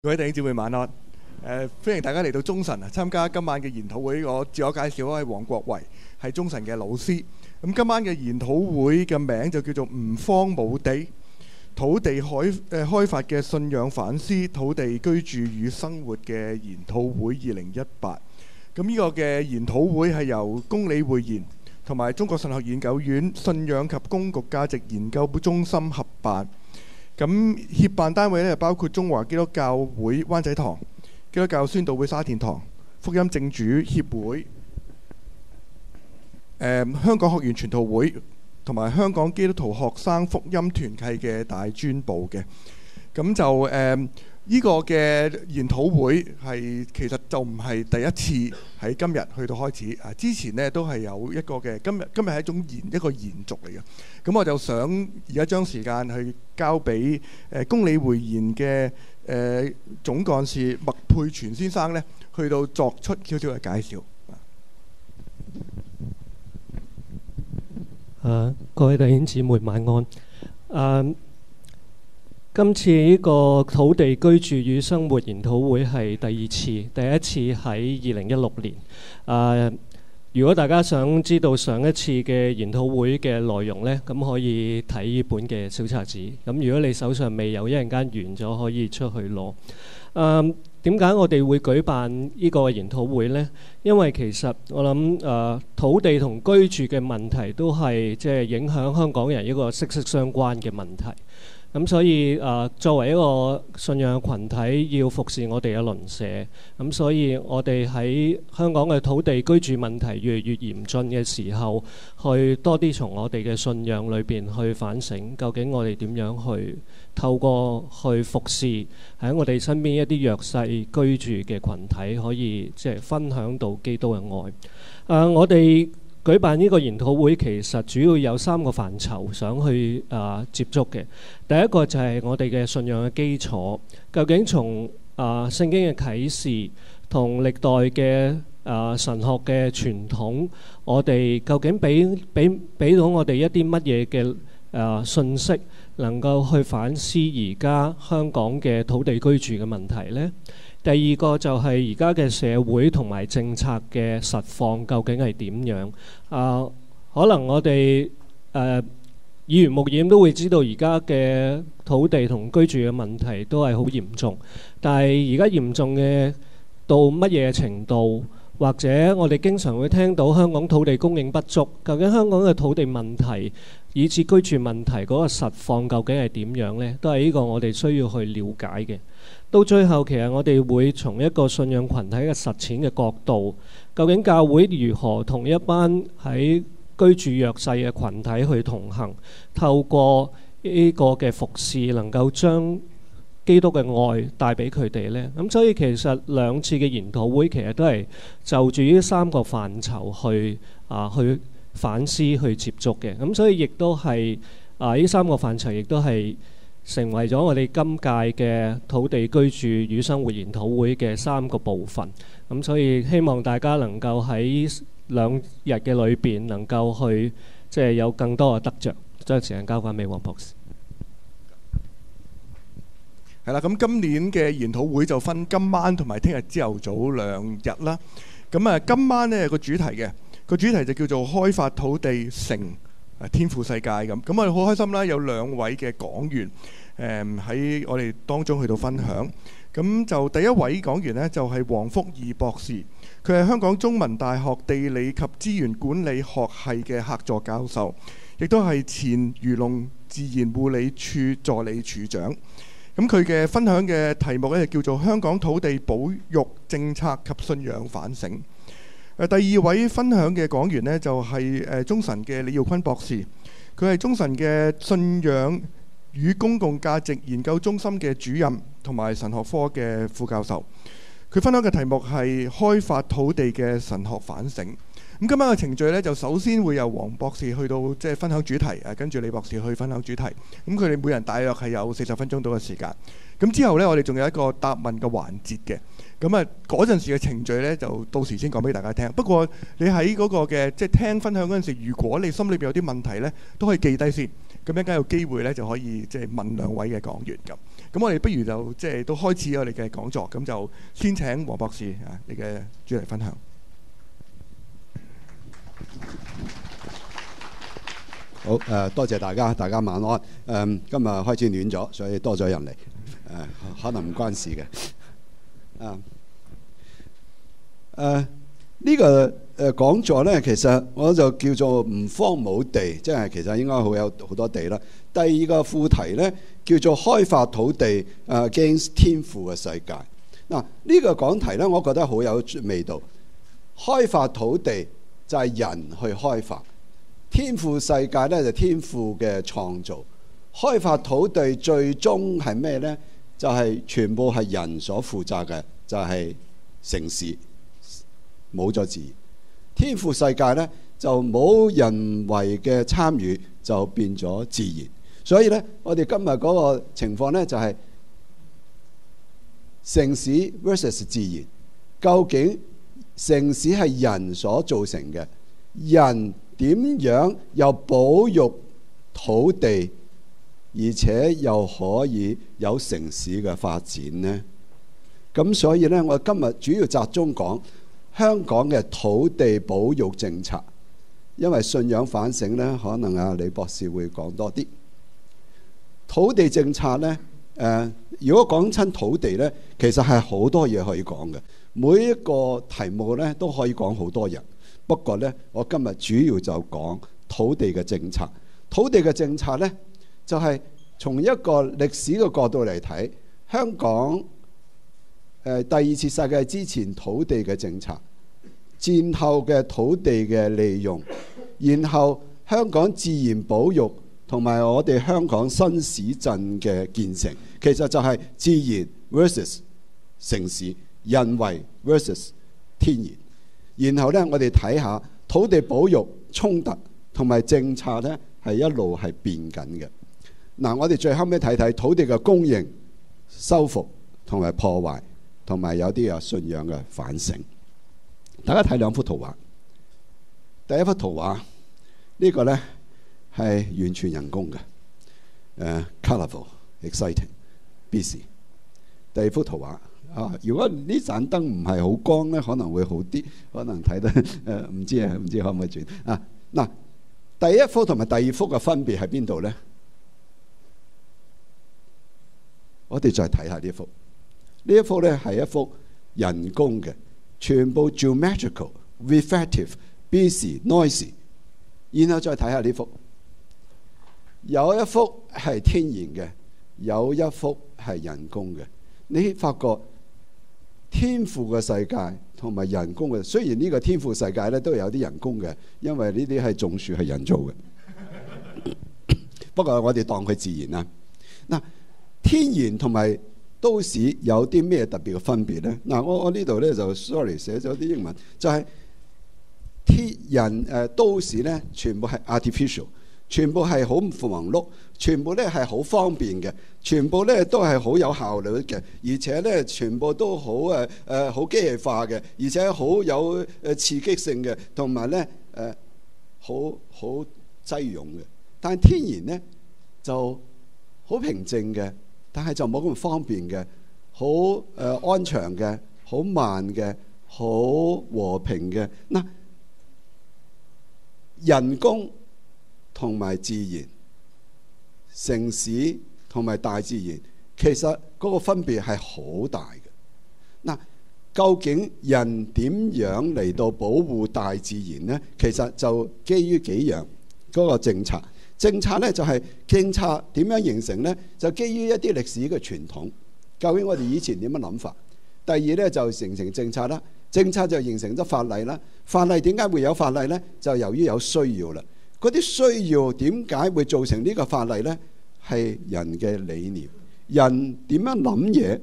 各位弟兄姊妹晚安，誒歡迎大家嚟到中神啊，參加今晚嘅研討會。我自我介紹，我係黃國維，係中神嘅老師。咁今晚嘅研討會嘅名字就叫做吾慌無地土地開誒，開發嘅信仰反思，土地居住與生活嘅研討會二零一八。咁呢、這個嘅研討會係由公理匯研同埋中國神學研究院信仰及公共價值研究中心合辦。咁協辦單位咧，包括中華基督教會灣仔堂、基督教宣道會沙田堂、福音證主協會、嗯、香港學園傳道會同埋香港基督徒學生福音團契嘅大專部嘅。咁就誒依、嗯呢個嘅研討會係其實就唔係第一次喺今日去到開始啊，之前呢都係有一個嘅，今日今日係一種延一個延續嚟嘅。咁我就想而家將時間去交俾誒公理匯研嘅誒總幹事麥佩全先生咧，去到作出少少嘅介紹。啊，各位弟兄姊妹晚安。誒，今次呢個土地居住與生活研討會係第二次，第一次喺二零一六年。誒。如果大家想知道上一次嘅研討會嘅內容呢，咁可以睇呢本嘅小冊子。咁如果你手上未有一陣間完咗，可以出去攞。誒、啊，點解我哋會舉辦呢個研討會呢？因為其實我諗、啊、土地同居住嘅問題都係即係影響香港人一個息息相關嘅問題。咁、嗯、所以誒、呃，作為一個信仰群體，要服侍我哋嘅鄰舍。咁、嗯、所以，我哋喺香港嘅土地居住問題越嚟越嚴峻嘅時候，去多啲從我哋嘅信仰裏邊去反省，究竟我哋點樣去透過去服侍喺我哋身邊一啲弱勢居住嘅群體，可以即係、就是、分享到基督嘅愛。誒、呃，我哋。舉辦呢個研討會其實主要有三個範疇想去啊、呃、接觸嘅。第一個就係我哋嘅信仰嘅基礎，究竟從啊、呃、聖經嘅啟示同歷代嘅啊、呃、神學嘅傳統，我哋究竟俾俾俾到我哋一啲乜嘢嘅啊信息，能夠去反思而家香港嘅土地居住嘅問題呢？第二個就係而家嘅社會同埋政策嘅實況究竟係點樣啊？可能我哋誒、啊、議員、牧漁都會知道，而家嘅土地同居住嘅問題都係好嚴重。但係而家嚴重嘅到乜嘢程度，或者我哋經常會聽到香港土地供應不足，究竟香港嘅土地問題，以至居住問題嗰個實況究竟係點樣咧？都係呢個我哋需要去了解嘅。到最後，其實我哋會從一個信仰群體嘅實踐嘅角度，究竟教會如何同一班喺居住弱勢嘅群體去同行，透過呢個嘅服侍，能夠將基督嘅愛帶俾佢哋咧。咁所以其實兩次嘅研討會其實都係就住呢三個範疇去啊去，啊去反思去接觸嘅，咁所以亦都係啊呢三個範疇，亦都係成為咗我哋今屆嘅土地居住與生活研討會嘅三個部分。咁所以希望大家能夠喺兩日嘅裏邊能夠去，即係有更多嘅得著。將時間交翻俾王博士。係啦，咁今年嘅研討會就分今晚同埋聽日朝頭早兩日啦。咁啊，今晚呢個主題嘅。個主題就叫做開發土地，成天父世界咁。咁我哋好開心啦，有兩位嘅講員誒喺我哋當中去到分享。咁就第一位講員呢，就係王福義博士，佢係香港中文大學地理及資源管理學系嘅客座教授，亦都係前漁農自然護理處助理處長。咁佢嘅分享嘅題目呢，就叫做《香港土地保育政策及信仰反省》。第二位分享嘅講員呢，就係誒中神嘅李耀坤博士，佢係中神嘅信仰與公共價值研究中心嘅主任，同埋神學科嘅副教授。佢分享嘅題目係開發土地嘅神學反省。咁今晚嘅程序呢，就首先會由王博士去到即係分享主題，誒跟住李博士去分享主題。咁佢哋每人大約係有四十分鐘到嘅時間。咁之後呢，我哋仲有一個答問嘅環節嘅。咁啊，嗰陣時嘅程序咧，就到時先講俾大家聽。不過你喺嗰個嘅即係聽分享嗰陣時，如果你心裏邊有啲問題咧，都可以記低先。咁一陣間有機會咧，就可以即係問兩位嘅講員咁。咁我哋不如就即係都開始我哋嘅講座。咁就先請王博士啊，你嘅主題分享。好誒、呃，多謝大家，大家晚安。誒、呃，今日開始暖咗，所以多咗人嚟。誒、呃，可能唔關事嘅。啊，呢、uh, uh, 呢個誒、uh, 講座呢，其實我就叫做唔慌冇地，即係其實應該好有好多地啦。第二個副題呢，叫做開發土地誒，X、uh, 天父嘅世界。嗱，呢個講題呢，我覺得好有味道。開發土地就係人去開發，天父世界呢，就係、天父嘅創造。開發土地最終係咩呢？就係全部係人所負責嘅，就係、是、城市冇咗自然，天父世界呢，就冇人為嘅參與，就變咗自然。所以呢，我哋今日嗰個情況呢，就係、是、城市 versus 自然，究竟城市係人所造成嘅，人點樣又保育土地？而且又可以有城市嘅發展呢。咁所以呢，我今日主要集中講香港嘅土地保育政策，因為信仰反省呢，可能阿李博士會講多啲土地政策呢。誒，如果講親土地呢，其實係好多嘢可以講嘅，每一個題目呢，都可以講好多人。不過呢，我今日主要就講土地嘅政策。土地嘅政策呢。就係從一個歷史嘅角度嚟睇，香港誒、呃、第二次世界之前土地嘅政策、戰後嘅土地嘅利用，然後香港自然保育同埋我哋香港新市鎮嘅建成，其實就係自然 versus 城市、人為 versus 天然。然後咧，我哋睇下土地保育衝突同埋政策咧，係一路係變緊嘅。嗱，我哋最後尾睇睇土地嘅供應、修復同埋破壞，同埋有啲有信仰嘅反省。大家睇兩幅圖畫。第一幅圖畫、這個、呢個咧係完全人工嘅，誒 colorful、exciting、busy。第二幅圖畫啊，如果呢盞燈唔係好光咧，可能會好啲，可能睇得誒唔知啊，唔知可唔可以轉啊？嗱，第一幅同埋第二幅嘅分別喺邊度咧？我哋再睇下呢一幅，呢一幅咧係一幅人工嘅，全部 geometrical, reflective, busy, noisy。然後再睇下呢幅，有一幅係天然嘅，有一幅係人工嘅。你發覺天父嘅世界同埋人工嘅，雖然呢個天父世界咧都有啲人工嘅，因為呢啲係種樹係人造嘅。 不過我哋當佢自然啦。嗱。天然同埋都市有啲咩特別嘅分別呢？嗱、啊，我我呢度咧就 sorry 寫咗啲英文，就係、是、天然誒、呃、都市咧，全部係 artificial，全部係好繁忙碌，全部咧係好方便嘅，全部咧都係好有效率嘅，而且咧全部都好誒誒好機械化嘅，而且好有誒刺激性嘅，同埋咧誒好好擠擁嘅。但係天然咧就好平靜嘅。但係就冇咁方便嘅，好誒、呃、安詳嘅，好慢嘅，好和平嘅。嗱，人工同埋自然，城市同埋大自然，其實嗰個分別係好大嘅。嗱，究竟人點樣嚟到保護大自然咧？其實就基於幾樣嗰、嗰個政策。政策呢，就係政策點樣形成呢？就基於一啲歷史嘅傳統，究竟我哋以前點樣諗法？第二呢，就形成政策啦，政策就形成咗法例啦。法例點解會有法例呢？就由於有需要啦。嗰啲需要點解會造成呢個法例呢？係人嘅理念，人點樣諗嘢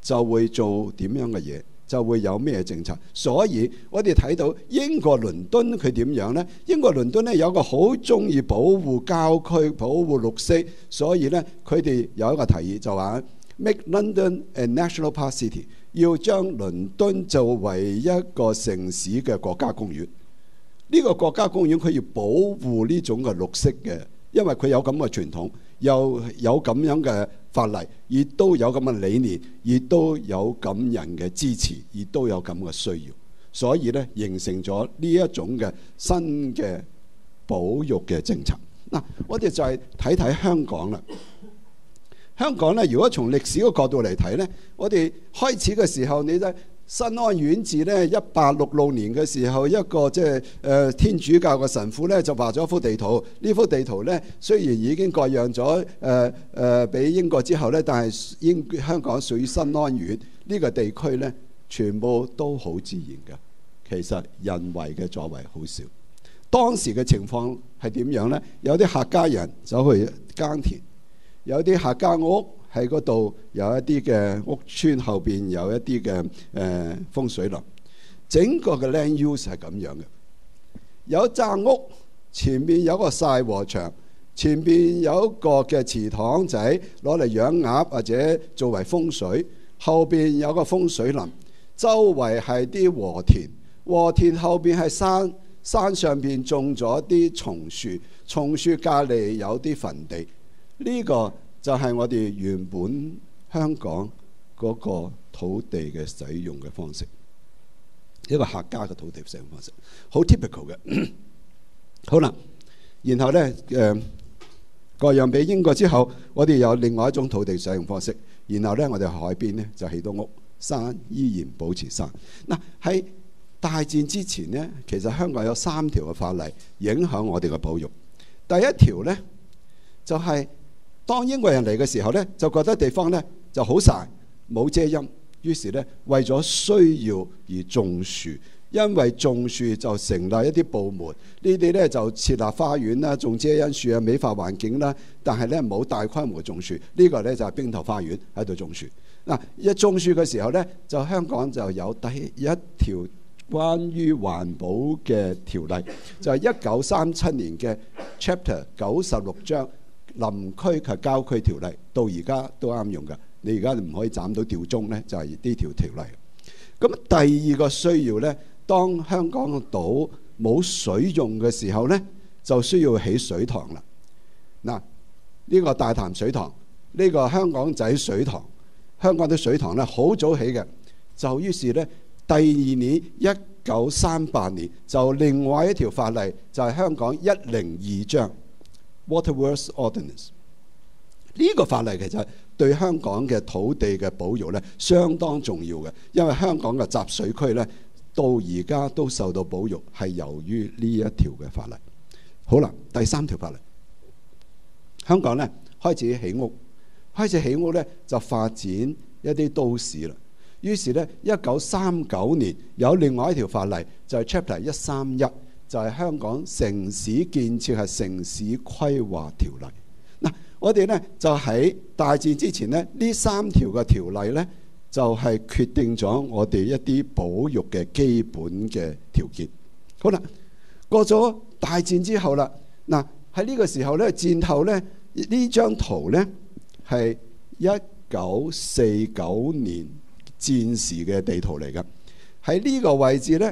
就會做點樣嘅嘢。就會有咩政策，所以我哋睇到英國倫敦佢點樣呢？英國倫敦咧有個好中意保護郊區、保護綠色，所以呢，佢哋有一個提議就話 make London a national park city，要將倫敦作為一個城市嘅國家公園。呢個國家公園佢要保護呢種嘅綠色嘅，因為佢有咁嘅傳統，又有咁樣嘅。法例亦都有咁嘅理念，亦都有咁人嘅支持，亦都有咁嘅需要，所以咧形成咗呢一種嘅新嘅保育嘅政策。嗱，我哋就係睇睇香港啦。香港咧，如果從歷史嘅角度嚟睇咧，我哋開始嘅時候，你咧。新安縣治呢，一八六六年嘅時候，一個即係誒天主教嘅神父呢，就畫咗一幅地圖。呢幅地圖呢，雖然已經割讓咗誒誒俾英國之後呢，但係英香港屬於新安縣呢、呢個地區呢，全部都好自然嘅。其實人為嘅作為好少。當時嘅情況係點樣呢？有啲客家人走去耕田，有啲客家屋。喺嗰度有一啲嘅屋邨，後邊有一啲嘅誒風水林，整個嘅 land use 係咁樣嘅。有棟屋前面有一個曬禾場，前邊有一個嘅池塘仔攞嚟養鴨或者作為風水，後邊有個風水林，周圍係啲禾田，禾田後邊係山，山上邊種咗啲松樹，松樹隔離有啲墳地，呢、這個。就係我哋原本香港嗰個土地嘅使用嘅方式，一個客家嘅土地使用方式，好 typical 嘅。好啦，然後咧誒，割讓俾英國之後，我哋有另外一種土地使用方式。然後咧，我哋海邊咧就起到屋，山依然保持山。嗱，喺大戰之前咧，其實香港有三條嘅法例影響我哋嘅保育。第一條咧，就係、是。當英國人嚟嘅時候呢，就覺得地方呢就好曬，冇遮陰。於是呢，為咗需要而種樹。因為種樹就成立一啲部門，呢啲呢，就設立花園啦，種遮陰樹啊，美化環境啦。但係呢，冇大規模種樹。呢、呢個呢，就係、是、冰頭花園喺度種樹。嗱，一種樹嘅時候呢，就香港就有第一條關於環保嘅條例，就係一九三七年嘅 Chapter 九十六章。林區及郊區條例，到而家都啱用嘅。你而家唔可以斬到吊鐘呢，就係、是、呢條條例。咁第二個需要呢，當香港嘅島冇水用嘅時候呢，就需要起水塘啦。嗱，呢、這個大潭水塘，呢、這個香港仔水塘，香港啲水塘呢，好早起嘅，就於是呢，第二年一九三八年，就另外一條法例就係、是、香港一零二章。Waterworks Ordinance 呢個法例其實對香港嘅土地嘅保育咧，相當重要嘅，因為香港嘅集水區咧，到而家都受到保育，係由於呢一條嘅法例。好啦，第三條法例，香港咧開始起屋，開始起屋咧，就發展一啲都市啦。於是咧，一九三九年有另外一條法例就係 Chapter 一三一。就係香港城市建設係城市規劃條例。嗱，我哋呢，就喺大戰之前呢，呢三條嘅條例呢，就係決定咗我哋一啲保育嘅基本嘅條件。好啦，過咗大戰之後啦，嗱喺呢個時候呢，戰後呢，呢張圖呢，係一九四九年戰時嘅地圖嚟㗎，喺呢個位置呢。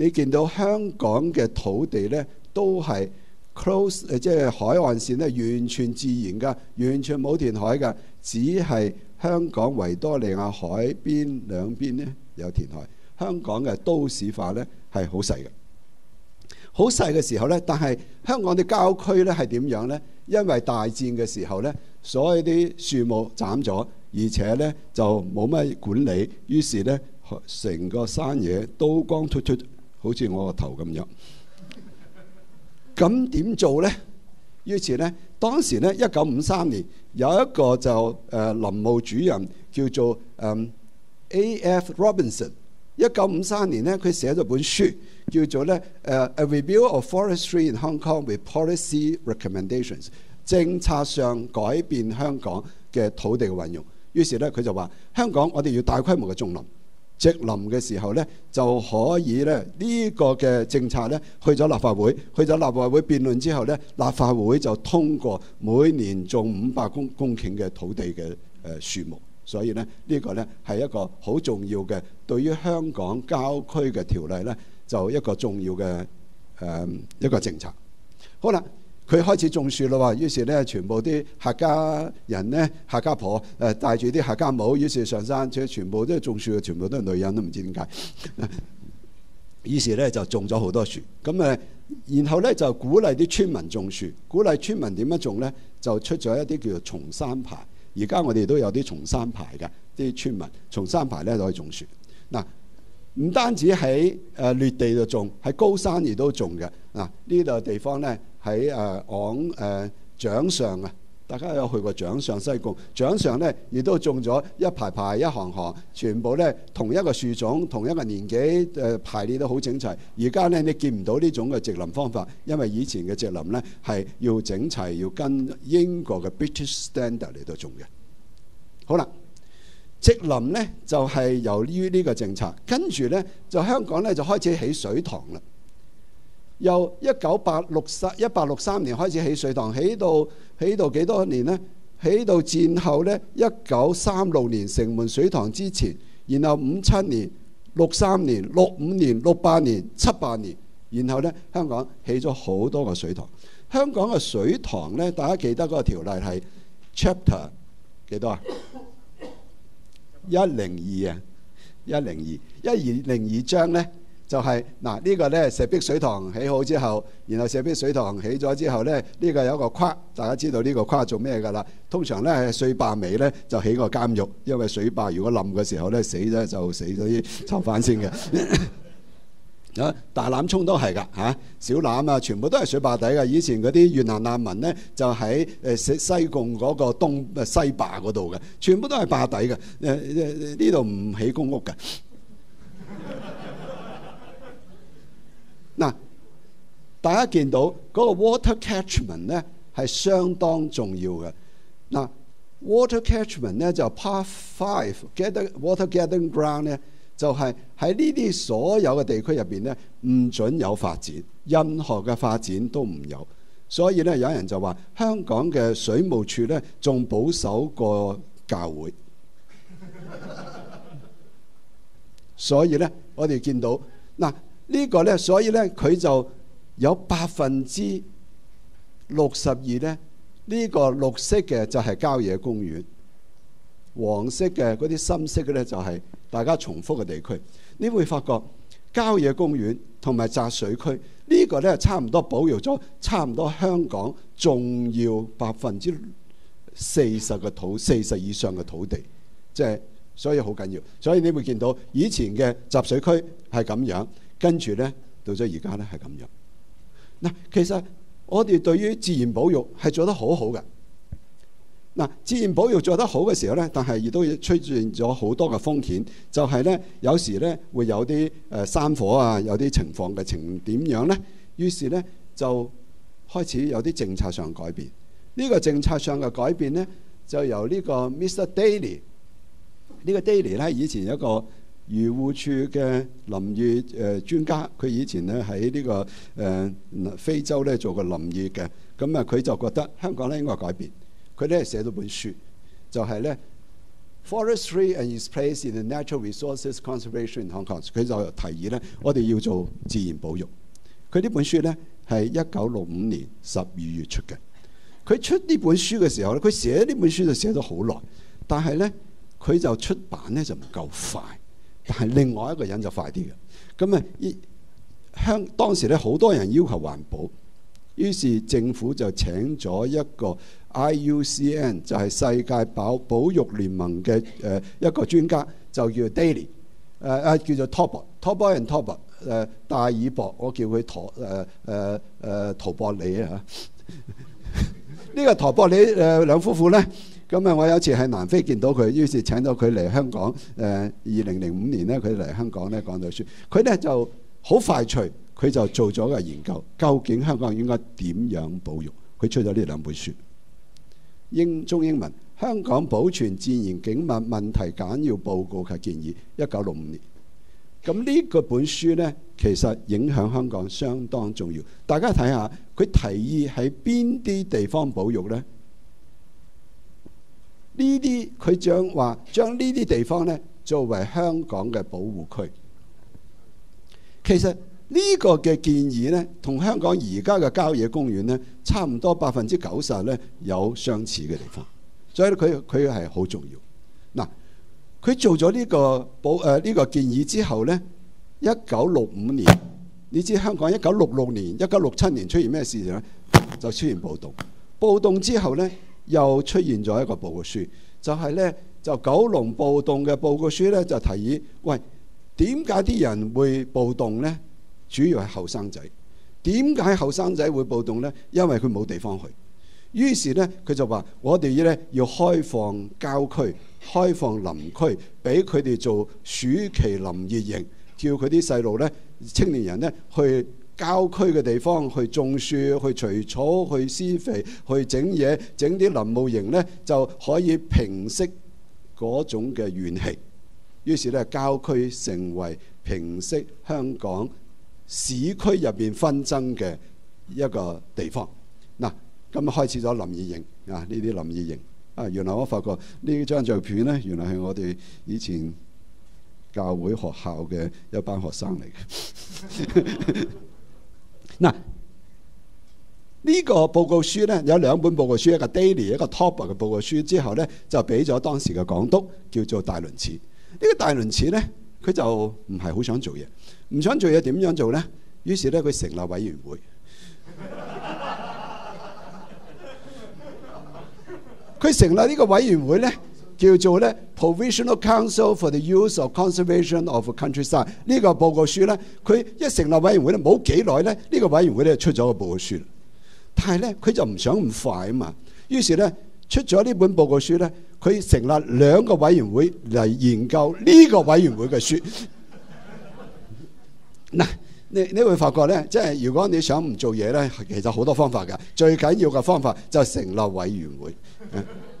你見到香港嘅土地呢，都係 close，即係海岸線呢，完全自然㗎，完全冇填海㗎，只係香港維多利亞海邊兩邊呢有填海。香港嘅都市化呢係好細嘅，好細嘅時候呢，但係香港啲郊區呢係點樣呢？因為大戰嘅時候呢，所有啲樹木斬咗，而且呢就冇乜管理，於是呢，成個山野都光脱脱。好似我個頭咁樣，咁點做呢？於是呢，當時呢，一九五三年有一個就誒、呃、林務主任叫做誒、um, A. F. Robinson。一九五三年呢，佢寫咗本書，叫做咧《誒、uh, A Review of Forestry in Hong Kong with Policy Recommendations》。政策上改變香港嘅土地運用。於是咧，佢就話：香港我哋要大規模嘅種林。植林嘅時候呢，就可以呢，呢個嘅政策呢，去咗立法會，去咗立法會辯論之後呢，立法會就通過每年種五百公公頃嘅土地嘅誒樹木，所以呢，呢個呢，係一個好重要嘅對於香港郊區嘅條例呢，就一個重要嘅誒一個政策。好啦。佢開始種樹啦，喎，於是咧，全部啲客家人咧，客家婆誒、呃、帶住啲客家帽，於是上山，全部都係種樹，全部都係女人都唔知點解。 於是咧就種咗好多樹。咁誒，然後咧就鼓勵啲村民種樹，鼓勵村民點樣種咧，就出咗一啲叫做松山牌。而家我哋都有啲松山牌嘅啲村民，松山牌咧就可以種樹嗱，唔、啊、單止喺誒、呃、劣地度種，喺高山亦都種嘅嗱。呢、啊、度地方咧。喺誒昂誒嶂上啊，大家有去過嶂上西貢，嶂上呢，亦都種咗一排排一行行，全部呢，同一個樹種、同一個年紀誒、呃、排列得好整齊。而家呢，你見唔到呢種嘅植林方法，因為以前嘅植林呢，係要整齊，要跟英國嘅 British Standard 嚟到種嘅。好啦，植林呢，就係、是、由於呢個政策，跟住呢，就香港呢，就開始起水塘啦。由一九八六三一八六三年開始起水塘，起到起到幾多年呢？起到戰後呢，一九三六年城門水塘之前，然後五七年、六三年、六五年、六八年、七八年，然後呢，香港起咗好多個水塘。香港嘅水塘呢，大家記得嗰個條例係 chapter 幾多啊？一零二啊，一零二，一二零二章呢。就係、是、嗱，這個、呢個咧石壁水塘起好之後，然後石壁水塘起咗之後咧，呢、這個有一個跨，大家知道呢個跨做咩噶啦？通常咧，水壩尾咧就起個監獄，因為水壩如果冧嘅時候咧死咗就死咗啲囚犯先嘅、 啊。啊，大欖涌都係噶嚇，小欖啊，全部都係水壩底噶。以前嗰啲越南難民咧就喺誒、呃、西西貢嗰個東西壩嗰度嘅，全部都係壩底嘅。誒呢度唔起公屋嘅。嗱，大家見到嗰、那個 water catchment 咧係相當重要嘅。嗱，water catchment 咧就 part five，記得 water gathering ground 咧就係喺呢啲所有嘅地區入邊咧唔準有發展，任何嘅發展都唔有。所以咧有人就話香港嘅水務署咧仲保守過教會。 所以咧我哋見到嗱。個呢個咧，所以咧，佢就有百分之六十二咧。呢、這個綠色嘅就係郊野公園，黃色嘅嗰啲深色嘅咧就係、是、大家重複嘅地區。你會發覺郊野公園同埋集水區、這個、呢個咧，差唔多保育咗差唔多香港重要百分之四十嘅土，四十以上嘅土地，即、就、係、是、所以好緊要。所以你會見到以前嘅集水區係咁樣。跟住咧，到咗而家咧係咁樣。嗱，其實我哋對於自然保育係做得好好嘅。嗱，自然保育做得好嘅時候咧，但係亦都出現咗好多嘅風險，就係、是、咧，有時咧會有啲、呃、山火啊，有啲情況嘅情況點樣咧，於是咧就開始有啲政策上改變。呢、這個政策上嘅改變咧，就由呢個 Mr. Daly，呢個 Daly 咧以前一個。漁護處嘅林業誒、呃、專家，佢以前咧喺呢、這個誒、呃、非洲咧做過林業嘅，咁啊佢就覺得香港咧應該改變。佢咧係寫咗本書，就係、是、咧《Forestry and Its Place in the Natural Resources Conservation in Hong Kong》。佢就提議咧，我哋要做自然保育。佢呢本書咧係一九六五年十二月出嘅。佢出呢本書嘅時候咧，佢寫呢本書就寫咗好耐，但係咧佢就出版咧就唔夠快。但係另外一個人就快啲嘅，咁啊，香當時咧好多人要求環保，於是政府就請咗一個 IUCN 就係世界保保育聯盟嘅誒一個專家，就叫 Daily 誒、啊、誒叫做 Top 伯 Top 伯 and Top 伯戴爾博，我叫佢陀誒誒誒陶伯理啊，呢、啊啊、 個陶博理誒、啊、兩夫婦咧。咁啊、嗯！我有次喺南非見到佢，於是請到佢嚟香港。誒、呃，二零零五年咧，佢嚟香港咧講到書，佢咧就好快脆，佢就做咗個研究，究竟香港應該點樣保育？佢出咗呢兩本書，英中英文《香港保存自然景物問題簡要報告》嘅建議，一九六五年。咁、嗯、呢、呢個本書呢，其實影響香港相當重要。大家睇下，佢提議喺邊啲地方保育呢？呢啲佢將話，將呢啲地方呢，作為香港嘅保護區。其實呢個嘅建議呢，同香港而家嘅郊野公園呢，差唔多百分之九十呢有相似嘅地方。所以佢，佢係好重要。嗱，佢做咗呢個保，誒呢個建議之後呢，一九六五年，你知香港一九六六年、一九六七年出現咩事情呢？就出現暴動。暴動之後呢。又出現咗一個報告書，就係咧，就九龍暴動嘅報告書咧，就提議，喂，點解啲人會暴動呢？主要係後生仔，點解後生仔會暴動呢？因為佢冇地方去，於是呢，佢就話：我哋咧要開放郊區、開放林區，俾佢哋做暑期林業營，叫佢啲細路呢，青年人呢去。郊區嘅地方去種樹、去除草、去施肥、去整嘢，整啲林務營呢，就可以平息嗰種嘅怨氣。於是咧，郊區成為平息香港市區入邊紛爭嘅一個地方。嗱、啊，咁開始咗林意營啊，呢啲林意營啊，原來我發覺呢張照片呢，原來係我哋以前教會學校嘅一班學生嚟嘅。 嗱，呢個報告書咧，有兩本報告書，一個 Daily，一個 Topper 嘅報告書，之後咧就俾咗當時嘅港督叫做戴麟趾。呢個戴麟趾咧，佢就唔係好想做嘢，唔想做嘢點樣做咧？於是咧，佢成立委員會。佢 成立呢個委員會咧。叫做咧 Provisional Council for the Use of Conservation of Countryside 呢個報告書咧，佢一成立委員會咧冇幾耐咧，呢個委員會咧出咗個報告書。但係咧，佢就唔想咁快啊嘛，於是咧出咗呢本報告書咧，佢成立兩個委員會嚟研究呢個委員會嘅書。嗱， 你你會發覺咧，即係如果你想唔做嘢咧，其實好多方法㗎。最緊要嘅方法就係成立委員會。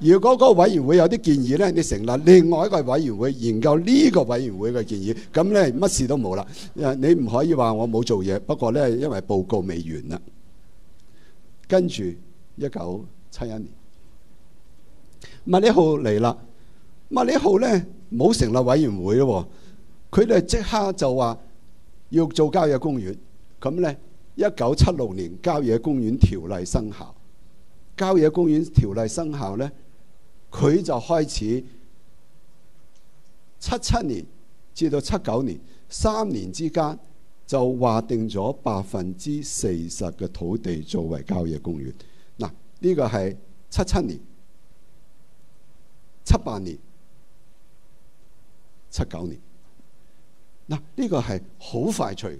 如果嗰個委員會有啲建議咧，你成立另外一個委員會研究呢個委員會嘅建議，咁咧乜事都冇啦。你唔可以話我冇做嘢，不過咧因為報告未完啦。跟住一九七一年，麥理浩嚟啦，麥理浩咧冇成立委員會咯，佢哋即刻就話要做郊野公園。咁咧一九七六年郊野公園條例生效。郊野公園條例生效咧，佢就開始七七年至到七九年三年之間就劃定咗百分之四十嘅土地作為郊野公園。嗱，呢個係七七年、七八年、七九年。嗱、這個，呢個係好快脆。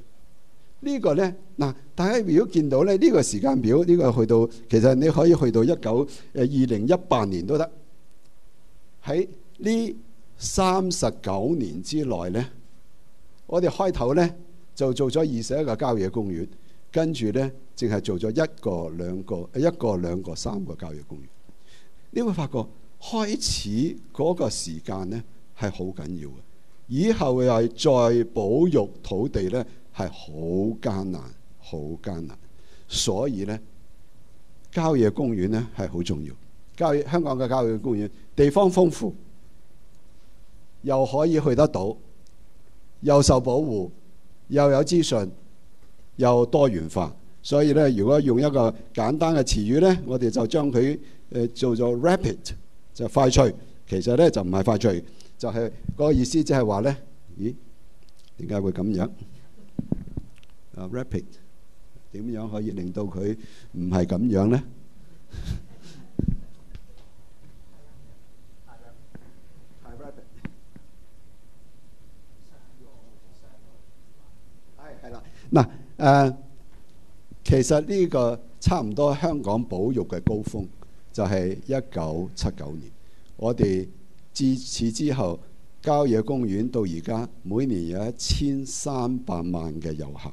呢個呢，嗱，大家如果見到咧，呢個時間表，呢個去到其實你可以去到一九誒二零一八年都得。喺呢三十九年之內呢，我哋開頭呢就做咗二十一個郊野公園，跟住呢淨係做咗一個兩個一個兩個三個郊野公園。你會發覺開始嗰個時間咧係好緊要嘅，以後又係再保育土地呢。係好艱難，好艱難，所以呢，郊野公園呢係好重要。郊野，香港嘅郊野公園地方豐富，又可以去得到，又受保護，又有資訊，又多元化。所以呢，如果用一個簡單嘅詞語呢，我哋就將佢誒做咗 rapid，就快脆。其實呢，就唔係快脆，就係個意思，即係話呢，咦點解會咁樣？Rapid 點樣可以令到佢唔係咁樣呢？那啊，其實呢個差唔多香港保育嘅高峰就係一九七九年。我哋自此之後，郊野公園到而家每年有一千三百萬嘅遊客。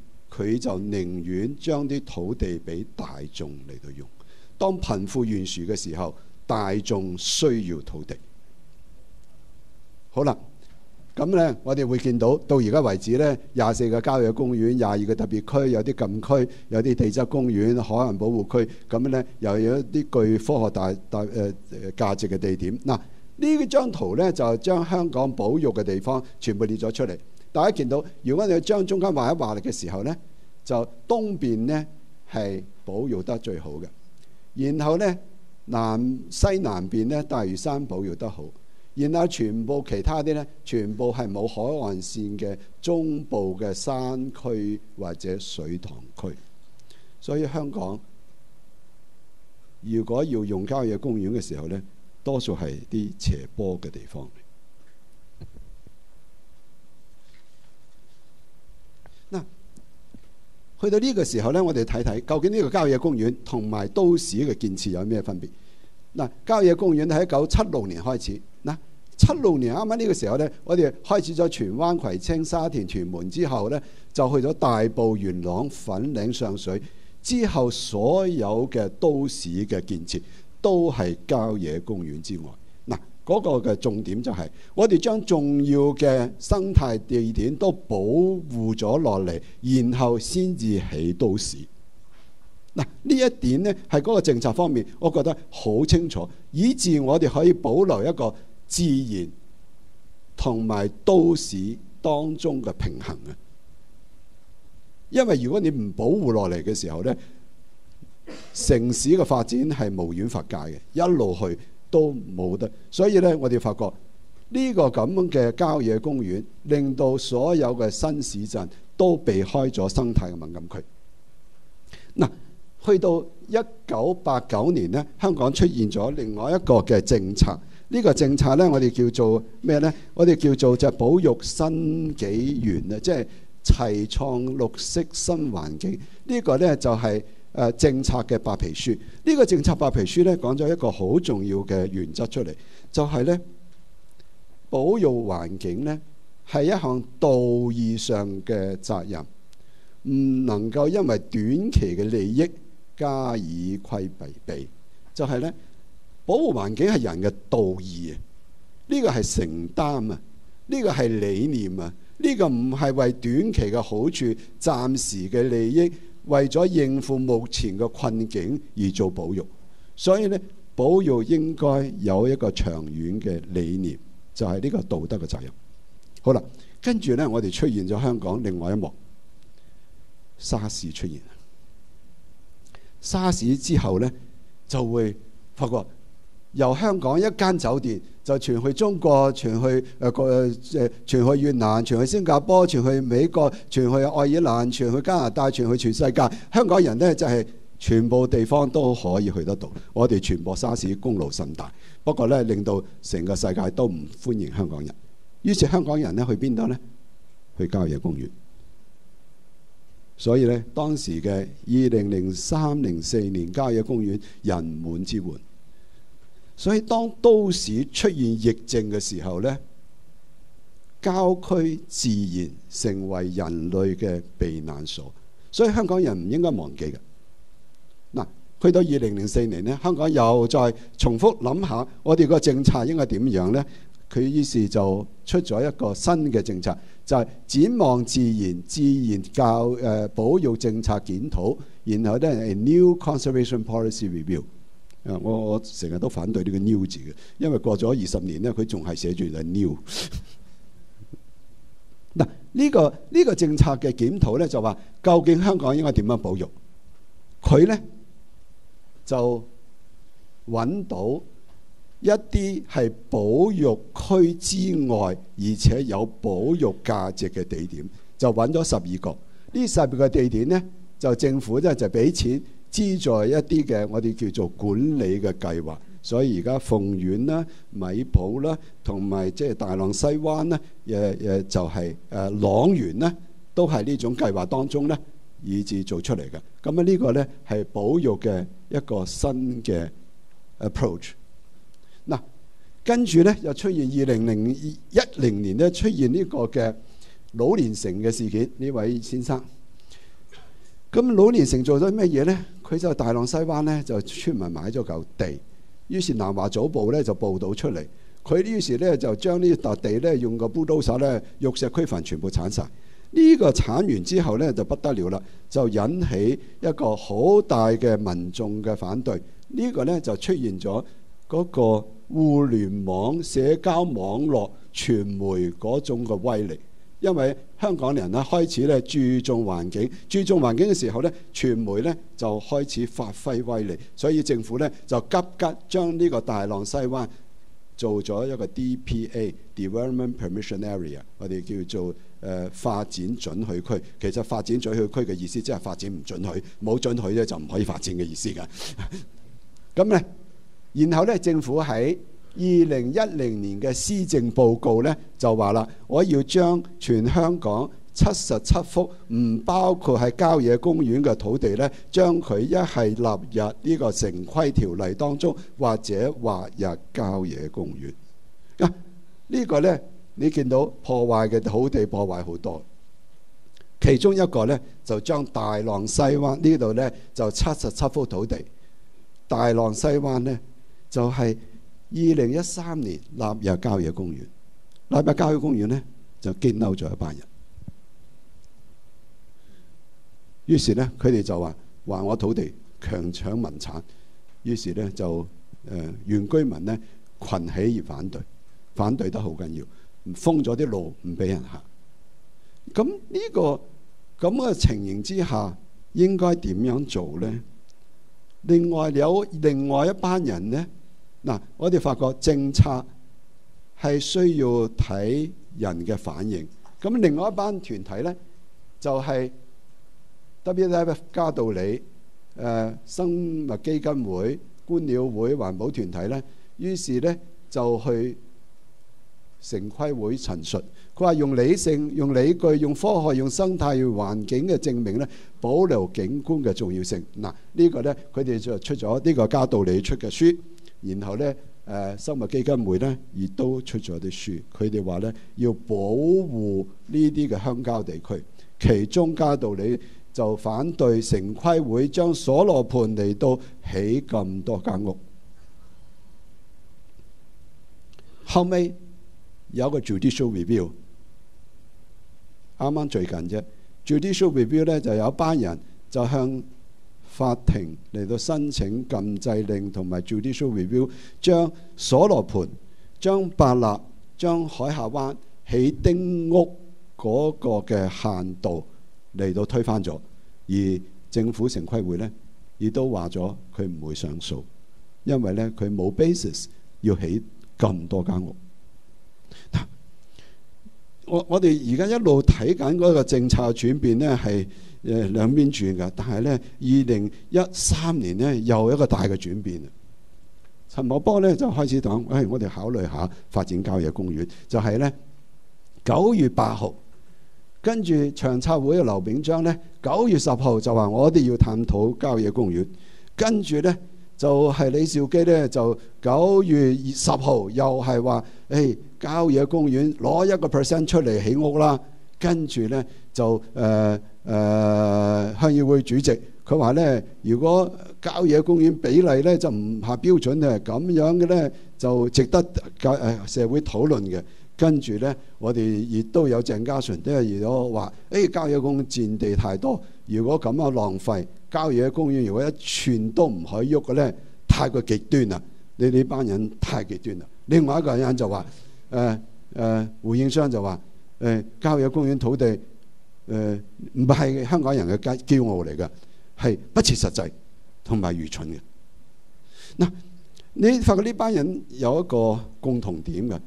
佢就寧願將啲土地俾大眾嚟到用。當貧富懸殊嘅時候，大眾需要土地。好啦，咁呢，我哋會見到到而家為止呢，廿四個郊野公園、廿二個特別區、有啲禁區、有啲地質公園、海岸保護區，咁呢，又有一啲具科學大大誒誒、呃、價值嘅地點。嗱，呢張圖呢，就將香港保育嘅地方全部列咗出嚟。大家見到，如果你將中間劃一劃力嘅時候呢，就東邊呢係保育得最好嘅，然後呢，南西南邊呢，大嶼山保育得好，然後全部其他啲呢，全部係冇海岸線嘅中部嘅山區或者水塘區，所以香港如果要用郊野公園嘅時候呢，多數係啲斜坡嘅地方。去到呢個時候呢，我哋睇睇究竟呢個郊野公園同埋都市嘅建設有咩分別？嗱，郊野公園喺一九七六年開始，嗱，七六年啱啱呢個時候呢，我哋開始咗荃灣、葵青、沙田、屯門之後呢，就去咗大埔、元朗、粉嶺、上水，之後所有嘅都市嘅建設都係郊野公園之外。嗰個嘅重點就係，我哋將重要嘅生態地點都保護咗落嚟，然後先至起都市。嗱，呢一點呢係嗰個政策方面，我覺得好清楚，以至我哋可以保留一個自然同埋都市當中嘅平衡啊。因為如果你唔保護落嚟嘅時候呢，城市嘅發展係無遠弗屆嘅，一路去。都冇得，所以呢，我哋發覺呢個咁樣嘅郊野公園，令到所有嘅新市鎮都避開咗生態嘅敏感區。嗱，去到一九八九年呢，香港出現咗另外一個嘅政策，呢個政策呢，我哋叫做咩呢？我哋叫做就保育新紀元，啊，即係齊創綠色新環境。呢個呢，就係。誒，政策嘅白皮書。呢個政策白皮書咧，講咗一個好重要嘅原則出嚟，就係咧，保育環境咧，係一項道義上嘅責任，唔能夠因為短期嘅利益加以規避避。就係咧，保護環境係人嘅道義啊，呢個係承擔啊，呢個係理念啊，呢個唔係為短期嘅好處、暫時嘅利益。為咗應付目前嘅困境而做保育，所以咧保育應該有一個長遠嘅理念，就係呢個道德嘅責任。好啦，跟住咧我哋出現咗香港另外一幕，沙士出現。沙士之後咧就會發覺。由香港一間酒店就傳去中國，傳去誒個誒傳去越南，傳去新加坡，傳去美國，傳去愛爾蘭，傳去加拿大，傳去全世界。香港人咧就係、是、全部地方都可以去得到。我哋全部沙士功勞甚大，不過咧令到成個世界都唔歡迎香港人。於是香港人咧去邊度咧？去郊野公園。所以咧當時嘅二零零三、零四年郊野公園人滿之患。所以當都市出現疫症嘅時候咧，郊區自然成為人類嘅避難所。所以香港人唔應該忘記嘅。嗱，去到二零零四年呢，香港又再重複諗下我哋個政策應該點樣咧？佢於是就出咗一個新嘅政策，就係、是、展望自然、自然教誒保育政策檢討，然後咧係 New Conservation Policy Review。啊！我我成日都反對呢個 new 字嘅，因為過咗二十年咧，佢仲係寫住係 new、 呢個。嗱，呢個呢個政策嘅檢討咧，就話究竟香港應該點樣保育？佢咧就揾到一啲係保育區之外，而且有保育價值嘅地點，就揾咗十二個。呢十二個地點咧，就政府咧就俾錢。資助一啲嘅我哋叫做管理嘅計劃，所以而家鳳園啦、米埔啦，同埋即係大浪西灣咧，誒誒就係誒塱原咧，都係呢種計劃當中咧，以至做出嚟嘅。咁啊呢個咧係保育嘅一個新嘅 approach。嗱，跟住咧又出現二零零一零年咧出現呢個嘅老年城嘅事件，呢位先生。咁老年城做咗咩嘢呢？佢就大浪西灣呢，就村民買咗嚿地，於是南華早報呢，就報道出嚟。佢於是呢，就將呢笪地呢，用個 bulldozer 呢，玉石俱焚全部鏟晒。呢個鏟完之後呢，就不得了啦，就引起一個好大嘅民眾嘅反對。呢個呢，就出現咗嗰個互聯網、社交網絡、傳媒嗰種嘅威力。因為香港人咧開始咧注重環境，注重環境嘅時候咧，傳媒咧就開始發揮威力，所以政府咧就急急將呢個大浪西灣做咗一個 DPA（Development Permission Area），我哋叫做誒、呃、發展準許區。其實發展準許區嘅意思即係發展唔準許，冇準許咧就唔可以發展嘅意思㗎。咁咧，然後咧政府喺二零一零年嘅施政報告呢，就話啦，我要將全香港七十七幅唔包括喺郊野公園嘅土地呢，將佢一係納入呢個城規條例當中，或者劃入郊野公園。呢，啊，呢個呢，你見到破壞嘅土地破壞好多，其中一個呢，就將大浪西灣呢度呢，就七十七幅土地，大浪西灣呢，就係、是。二零一三年納入郊野公園，納入郊野公園咧就激嬲咗一班人，於是咧佢哋就話：還我土地強搶民產，於是咧就誒、呃、原居民咧群起而反對，反對得好緊要，封咗啲路唔俾人行。咁呢、這個咁嘅情形之下，應該點樣做咧？另外有另外一班人咧。嗱，我哋發覺政策係需要睇人嘅反應，咁另外一班團體咧，就係、是、WWF 加道理，誒、呃、生物基金會、觀鳥會、環保團體咧。於是咧就去城規會陳述，佢話用理性、用理據、用科學、用生態環境嘅證明咧，保留景觀嘅重要性。嗱，這個、呢個咧佢哋就出咗呢個加道理出嘅書。然後咧，誒、呃、生物基金會咧亦都出咗啲書，佢哋話咧要保護呢啲嘅鄉郊地區，其中嘉道理就反對城規會將所羅盤嚟到起咁多間屋。後尾有個 judicial review，啱啱最近啫，judicial review 咧就有一班人就向法庭嚟到申請禁制令同埋 judicial review，將鎖羅盆、將白臘、將海下灣起丁屋嗰個嘅限度嚟到推翻咗，而政府城規會呢，亦都話咗佢唔會上訴，因為呢，佢冇 basis 要起咁多間屋。我我哋而家一路睇緊嗰個政策轉變呢，係。誒兩邊轉嘅，但係咧，二零一三年咧又一個大嘅轉變。陳茂波咧就開始講，誒、哎，我哋考慮下發展郊野公園。就係咧九月八號，跟住長策會嘅劉炳章咧九月十號就話我哋要探討郊野公園。跟住咧就係、是、李兆基咧就九月十號又係話誒郊野公園攞一個 percent 出嚟起屋啦。跟住咧就誒。呃誒鄉、呃、議會主席佢話咧，如果郊野公園比例咧就唔合標準咧，咁樣嘅咧就值得介誒社會討論嘅。跟住咧，我哋亦都有鄭家純，都係如果話，誒、哎、郊野公園佔地太多，如果咁樣浪費郊野公園，如果一寸都唔可以喐嘅咧，太過極端啦！你呢班人太極端啦。另外一個人就話，誒誒胡應湘就話，誒、哎、郊野公園土地。誒唔係香港人嘅驕傲嚟嘅，係不切實際同埋愚蠢嘅。嗱、呃，你發覺呢班人有一個共同點嘅，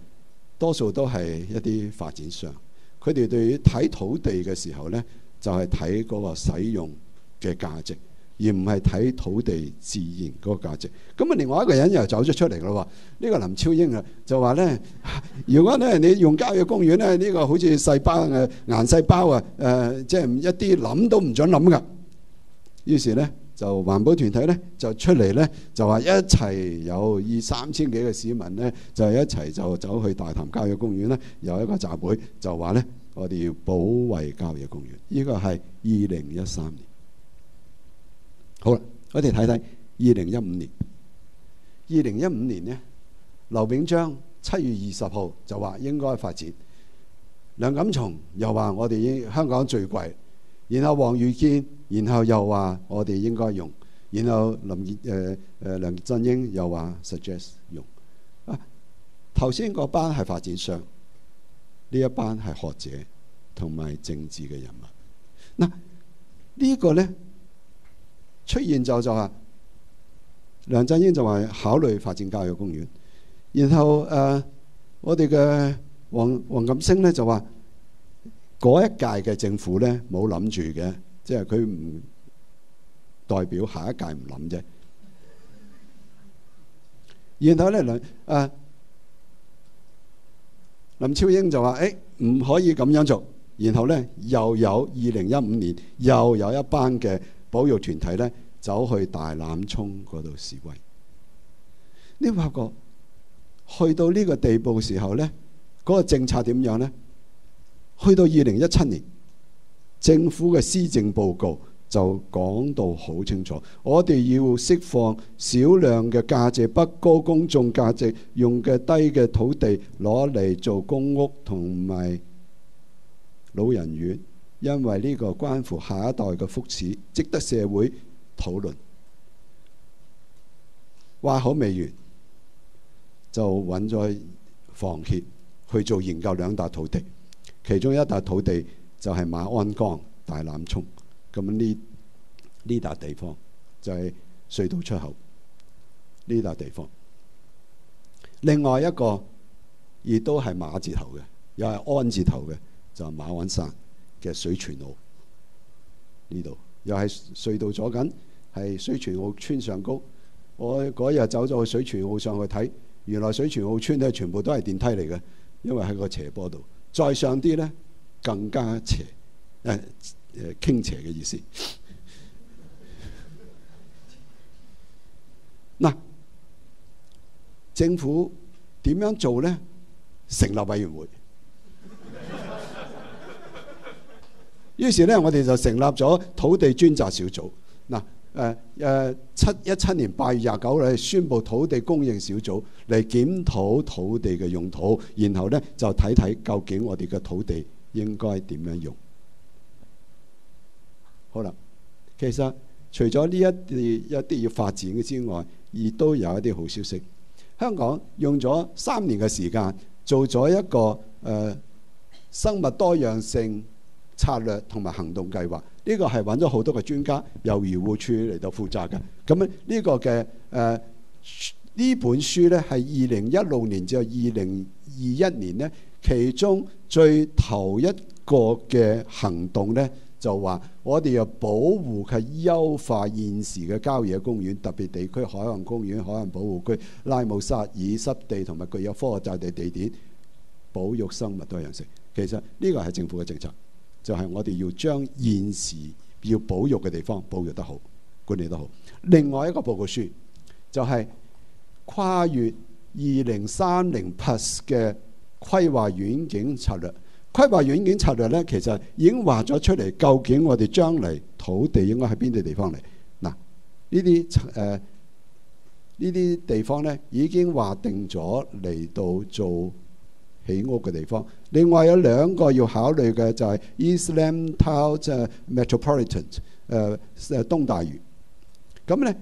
多數都係一啲發展商，佢哋對於睇土地嘅時候咧，就係睇嗰個使用嘅價值。而唔係睇土地自然嗰個價值。咁啊，另外一個人又走咗出嚟咯喎。呢個林超英啊，就話咧：如果咧你用郊野公園咧，呢個好似細胞誒癌細胞啊誒，即係一啲諗都唔准諗嘅。於是咧，就環保團體咧就出嚟咧，就話一齊有二三千幾個市民咧，就係一齊就走去大潭郊野公園咧，有一個集會，就話咧，我哋要保衞郊野公園。呢個係二零一三年。好啦，我哋睇睇二零一五年。二零一五年呢，劉炳章七月二十號就話應該發展，梁錦松又話我哋香港最貴，然後黃宇堅，然後又話我哋應該用，然後林誒誒、呃、梁振英又話 suggest 用。啊，頭先嗰班係發展商，呢一班係學者同埋政治嘅人物。嗱、啊、呢、這個呢。出現就就係梁振英就話考慮發展郊野公園，然後誒、啊、我哋嘅黃黃錦星咧就話嗰一屆嘅政府咧冇諗住嘅，即係佢唔代表下一屆唔諗啫。然後咧林誒林超英就話：誒、欸、唔可以咁樣做。然後咧又有二零一五年又有一班嘅。保育團體咧走去大欖涌嗰度示威，你發覺去到呢個地步嘅時候咧，嗰個政策點樣呢？去到二零一七年，政府嘅施政報告就講到好清楚，我哋要釋放少量嘅價值不高、公眾價值用嘅低嘅土地，攞嚟做公屋同埋老人院。因為呢個關乎下一代嘅福祉，值得社會討論。話口未完，就揾咗房協去做研究兩笪土地，其中一笪土地就係馬鞍崗、大欖涌咁呢呢笪地方就係隧道出口呢笪地方。另外一個亦都係馬字頭嘅，又係鞍字頭嘅，就係馬鞍山。嘅水泉澳呢度又係隧道阻緊，係水泉澳村上高。我嗰日走咗去水泉澳上去睇，原來水泉澳村都係全部都係電梯嚟嘅，因為喺個斜坡度，再上啲咧更加斜，誒、哎、誒傾斜嘅意思。嗱、 啊，政府點樣做咧？成立委員會。於是咧，我哋就成立咗土地專責小組。嗱，誒誒，七一七年八月廿九咧，宣布土地供應小組嚟檢討土地嘅用途，然後咧就睇睇究竟我哋嘅土地應該點樣用。好啦，其實除咗呢一啲一啲要發展嘅之外，亦都有一啲好消息。香港用咗三年嘅時間做咗一個誒、呃、生物多樣性。策略同埋行動計劃呢個係揾咗好多個專家由漁護署嚟到負責嘅，咁呢個嘅誒呢本書呢，係二零一六年至到二零二一年呢，其中最頭一個嘅行動呢，就話我哋要保護及優化現時嘅郊野公園特別地區、海岸公園、海岸保護區、拉姆沙爾濕地同埋具有科學就地地點保育生物多樣性。其實呢個係政府嘅政策。就係我哋要將現時要保育嘅地方保育得好，管理得好。另外一個報告書就係跨越二零三零 Plus 嘅規劃遠景策略。規劃遠景策略咧，其實已經話咗出嚟，究竟我哋將嚟土地應該喺邊啲地方嚟？嗱，呢啲誒呢啲地方咧已經話定咗嚟到做起屋嘅地方，另外有兩個要考慮嘅就係 East Lantau 即係 Metropolitan 誒、呃、誒東大嶼。咁咧呢、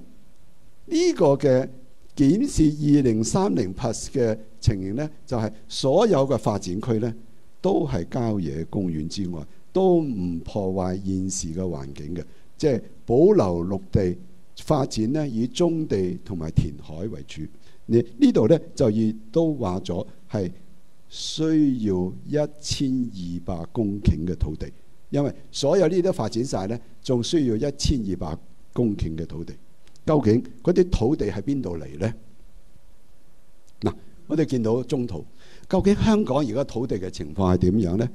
呢個嘅檢視二零三零 Plus 嘅情形咧，就係、是、所有嘅發展區咧都係郊野公園之外，都唔破壞現時嘅環境嘅，即係保留陸地發展咧，以棕地同埋填海為主。你呢度咧就亦都話咗係。需要一千二百公頃嘅土地，因為所有呢啲都發展晒，咧，仲需要一千二百公頃嘅土地。究竟嗰啲土地喺邊度嚟呢？嗱，我哋見到中途，究竟香港而家土地嘅情況係點樣呢？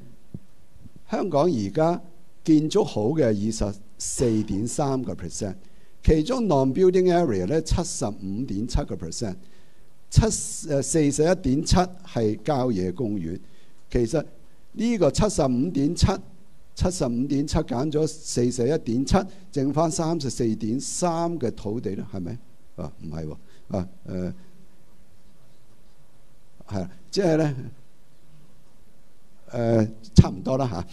香港而家建築好嘅二十四點三個 percent，其中 non-building area 咧七十五點七個 percent。七誒四十一點七係郊野公園，其實呢個七十五點七，七十五點七減咗四十一點七，剩翻三十四點三嘅土地咧，係咪？啊，唔係喎，啊誒，係、呃、啦、啊，即係咧，誒、呃、差唔多啦嚇，啊、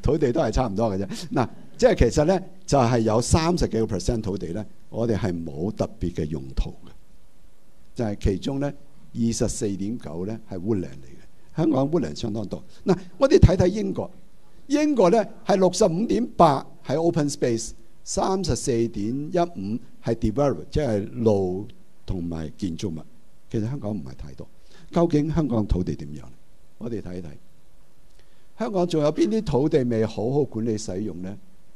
土地都係差唔多嘅啫。嗱、啊，即係其實咧，就係、係、有三十幾個 percent 土地咧，我哋係冇特別嘅用途。就係其中咧，二十四點九咧係 woodland 嚟嘅。香港 woodland 相當多。嗱，我哋睇睇英國，英國咧係六十五點八係 open space，三十四點一五係 develop，即係路同埋建築物。其實香港唔係太多。究竟香港土地點樣咧？我哋睇睇。香港仲有邊啲土地未好好管理使用咧？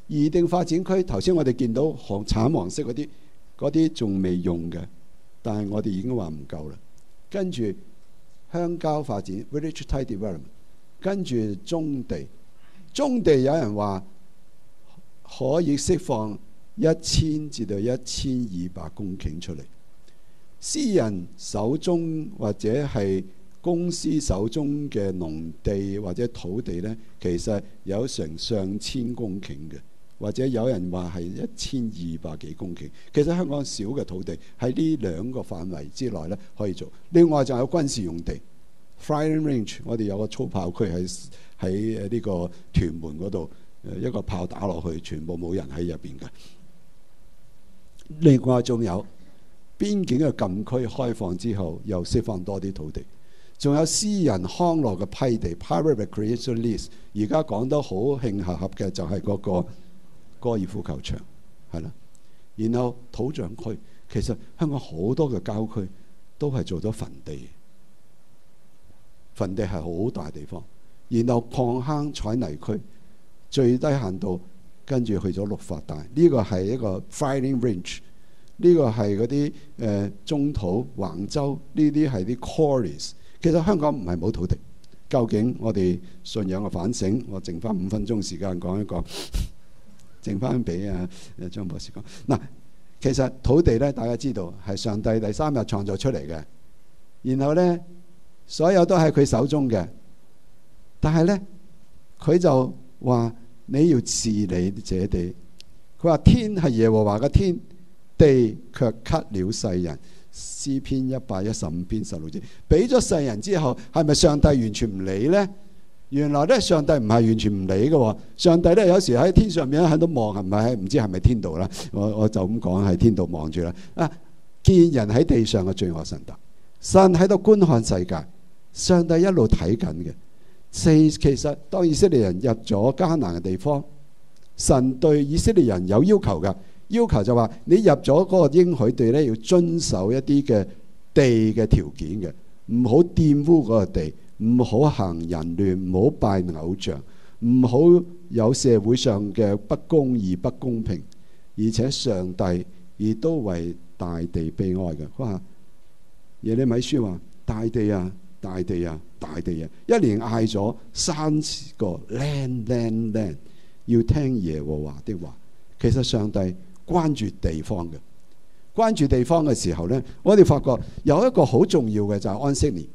擬定發展區，頭先我哋見到黃橙黃色嗰啲，嗰啲仲未用嘅。但係我哋已經話唔夠啦，跟住香郊發展 （village tied e v e l o p m e n t 跟住中地，中地有人話可以釋放一千至到一千二百公頃出嚟。私人手中或者係公司手中嘅農地或者土地呢，其實有成上千公頃的。或者有人話係一千二百幾公頃，其實香港少嘅土地喺呢兩個範圍之內咧，可以做。另外仲有軍事用地 （firing range），我哋有個粗炮區喺喺呢個屯門嗰度。一個炮打落去，全部冇人喺入邊嘅。另外仲有邊境嘅禁區開放之後，又釋放多啲土地。仲有私人康樂嘅批地 （private creation l i s t 而家講得好興合合嘅就係嗰、那個。高爾夫球場係啦，然後土葬區，其實香港好多嘅郊區都係做咗墳地，墳地係好大地方。然後礦坑採泥區最低限度，跟住去咗綠化帶，呢個係一個 firing range。呢個係嗰啲誒中土橫洲。呢啲係啲 chorus。其實香港唔係冇土地，究竟我哋信仰嘅反省，我剩翻五分鐘時間講一講。剩翻俾阿阿張博士講嗱，其實土地咧，大家知道係上帝第三日創造出嚟嘅，然後咧，所有都喺佢手中嘅，但係咧，佢就話你要治理這地，佢話天係耶和華嘅天，地卻給了世人。詩篇一百一十五篇十六節，俾咗世人之後，係咪上帝完全唔理咧？原來咧，上帝唔係完全唔理嘅。上帝咧，有時喺天上面喺度望，係咪？唔知係咪天道啦。我我就咁講，喺天度望住啦。啊，見人喺地上嘅罪惡神，神達神喺度觀看世界。上帝一路睇緊嘅。四其實當以色列人入咗迦南嘅地方，神對以色列人有要求嘅。要求就話，你入咗嗰個應許地咧，要遵守一啲嘅地嘅條件嘅，唔好玷污嗰個地。唔好行人亂，唔好拜偶像，唔好有社會上嘅不公義、不公平，而且上帝亦都為大地悲哀嘅。佢話：耶利米書話大地啊，大地啊，大地啊，一年嗌咗三次個 land land land，要聽耶和華的話。其實上帝關注地方嘅，關注地方嘅時候呢，我哋發覺有一個好重要嘅就係安息年。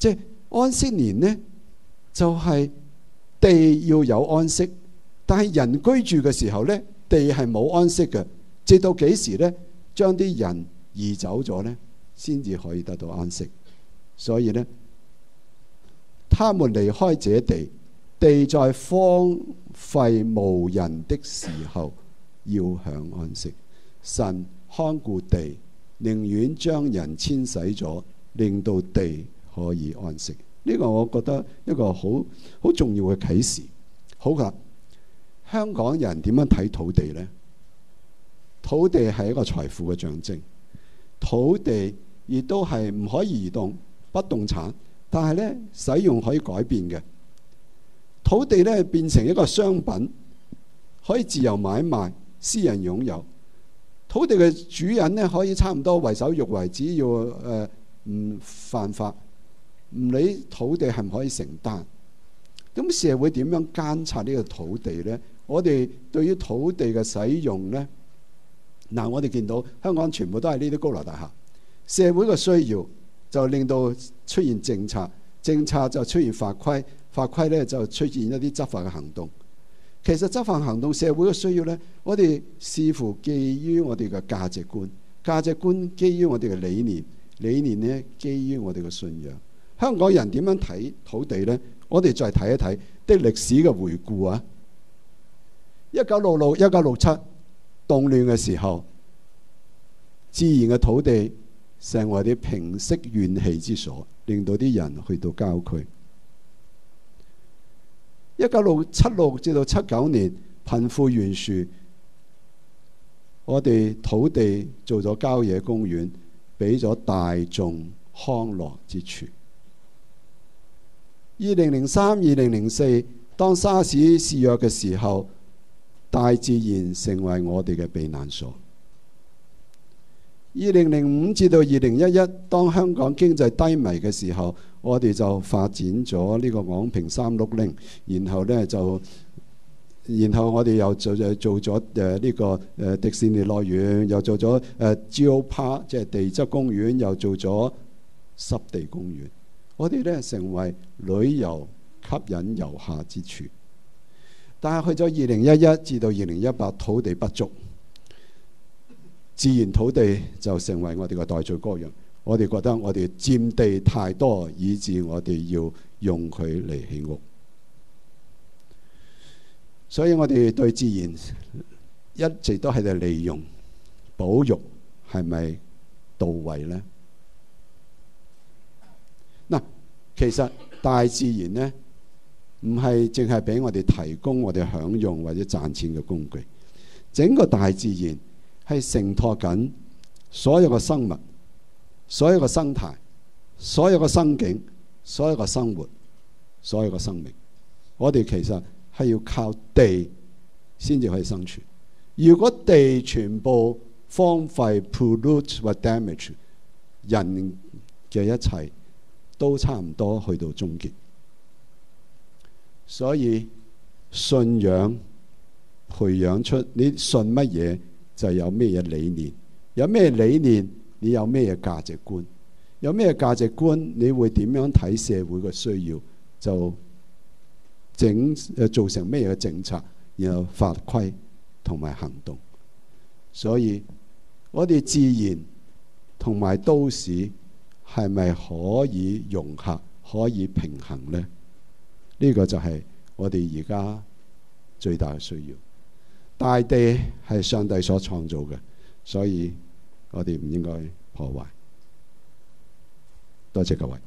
即安息年呢，就係、是、地要有安息，但係人居住嘅時候呢，地係冇安息嘅。直到幾時呢？將啲人移走咗呢，先至可以得到安息。所以呢，他們離開這地，地在荒廢無人的時候要享安息。神看顧地，寧願將人遷徙咗，令到地，可以安息，呢、這個我覺得一個好好重要嘅啟示。好㗎，香港人點樣睇土地呢？土地係一個財富嘅象徵，土地亦都係唔可以移動，不動產，但係咧使用可以改變嘅。土地咧變成一個商品，可以自由買賣，私人擁有。土地嘅主人咧可以差唔多為所欲為，只要呃、唔、犯法。唔理土地係唔可以承擔，咁社會點樣監察呢個土地呢？我哋對於土地嘅使用呢？嗱，我哋見到香港全部都係呢啲高樓大廈。社會嘅需要就令到出現政策，政策就出現法規，法規呢就出現一啲執法嘅行動。其實執法行動，社會嘅需要呢，我哋視乎基於我哋嘅價值觀，價值觀基於我哋嘅理念，理念呢，基於我哋嘅信仰。香港人點樣睇土地呢？我哋再睇一睇啲歷史嘅回顧啊！一九六六、一九六七動亂嘅時候，自然嘅土地成為啲平息怨氣之所，令到啲人去到郊區。一九六七、六至到七九年貧富懸殊，我哋土地做咗郊野公園，俾咗大眾康樂之處。二零零三、二零零四，當沙士肆虐嘅時候，大自然成為我哋嘅避難所。二零零五至到二零一一，當香港經濟低迷嘅時候，我哋就發展咗呢個昂坪三六零，然後呢，就，然後我哋又做咗、呃這個呃、迪士尼樂園，又做咗誒、呃、Geopark 即係地質公園，又做咗濕地公園。我哋咧成為旅遊吸引遊客之處，但係去咗二零一一至到二零一八土地不足，自然土地就成為我哋個代罪羔羊。我哋覺得我哋佔地太多，以致我哋要用佢嚟起屋，所以我哋對自然一直都喺度利用，保育係咪到位呢？其實大自然呢，唔係淨係俾我哋提供我哋享用或者賺錢嘅工具。整個大自然係承托緊所有嘅生物、所有嘅生態、所有嘅生境、所有嘅生活、所有嘅生命。我哋其實係要靠地先至可以生存。如果地全部荒廢、pollute 或 damage，人嘅一切，都差唔多去到終結，所以信仰培養出你信乜嘢，就有咩嘢理念，有咩理念你有咩嘢價值觀，有咩價值觀你會點樣睇社會嘅需要，就整誒造成咩嘢政策，然後法規同埋行動。所以我哋自然同埋都市，係咪可以融合、可以平衡呢？呢個就係我哋而家最大嘅需要。大地係上帝所創造嘅，所以我哋唔應該破壞。多謝各位。